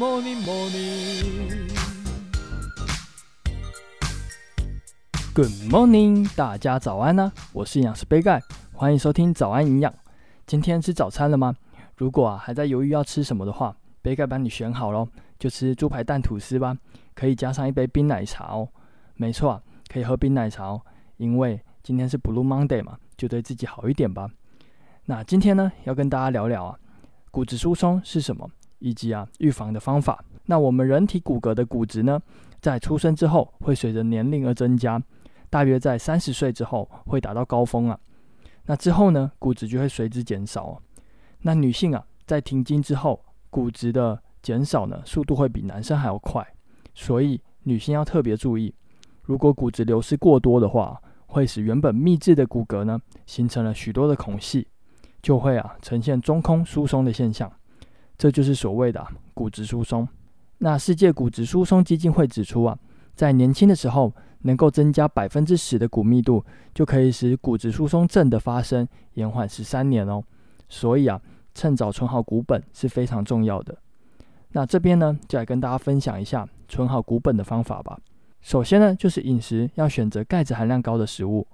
Morning, morning. Good morning, 大家早安啊！我是營養師杯蓋，歡迎收聽早安營養。今天吃早餐了嗎？如果啊還在猶豫要吃什麼的話，杯蓋幫你選好咯。就吃豬排蛋吐司吧，可以加上一杯冰奶茶哦。沒錯啊，可以喝冰奶茶哦，因為今天是 Blue Monday 嘛，就對自己好一點吧。那今天呢，要跟大家聊聊啊，骨質疏鬆是什麼？以及啊，預防的方法。那我們人體骨骼的骨質呢，在出生之後會隨着年齡而增加，大約在三十歲之後會達到高峰啊。那之後呢，骨質就會隨之減少啊。那女性啊，在停經之後，骨質的減少呢，速度會比男生還要快。所以女性要特別注意，如果骨質流失過多的話，會使原本密致的骨骼呢，形成了許多的孔隙，就會啊，呈現中空疏鬆的現象。這就是所謂的、啊、骨質疏鬆。那世界骨質疏鬆基金會指出啊，在年輕的時候能夠增加百分之十的骨密度，就可以使骨質疏鬆症的發生延緩十三年哦。所以啊，趁早存好骨本是非常重要的。那這邊呢，就來跟大家分享一下存好骨本的方法吧。首先呢，就是飲食要選擇鈣質含量高的食物，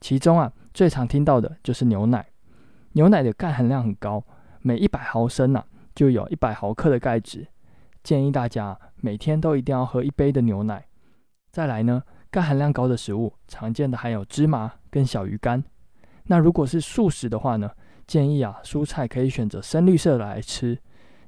其中啊，最常聽到的就是牛奶。牛奶的鈣含量很高，每一百毫升呢、啊。就有一百毫克的鈣質，建議大家每天都一定要喝一杯的牛奶。再來呢，鈣含量高的食物常見的還有芝麻跟小魚乾。那如果是素食的話呢，建議啊，蔬菜可以選擇深綠色的來吃。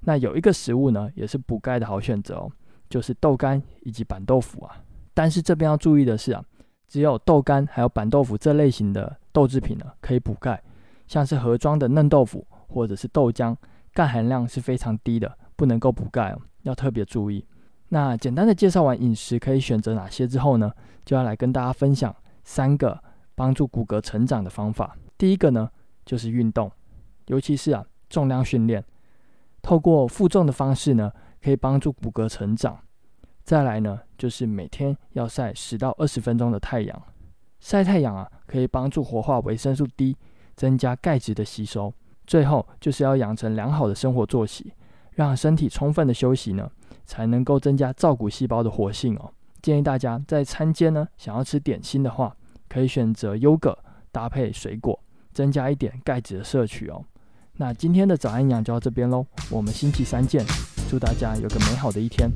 那有一個食物呢，也是補鈣的好選擇哦，就是豆乾以及板豆腐啊。但是這邊要注意的是啊，只有豆乾還有板豆腐這類型的豆制品呢，可以補鈣，像是盒裝的嫩豆腐或者是豆漿。鈣含量是非常低的，不能夠補鈣，要特別注意。那簡單的介紹完飲食可以選擇哪些之後呢，就要來跟大家分享三個幫助骨骼成長的方法。第一個呢，就是運動，尤其是啊，重量訓練，透過負重的方式呢，可以幫助骨骼成長。再來呢，就是每天要曬十到二十分鐘的太陽，曬太陽啊，可以幫助活化維生素 D，增加鈣質的吸收。最後就是要養成良好的生活作息，讓身體充分的休息呢，才能夠增加造骨細胞的活性哦。建議大家在餐間呢，想要吃點心的話，可以選擇優格搭配水果，增加一點鈣質的攝取哦。那今天的早安營養就到這邊嘍，我們星期三見，祝大家有個美好的一天。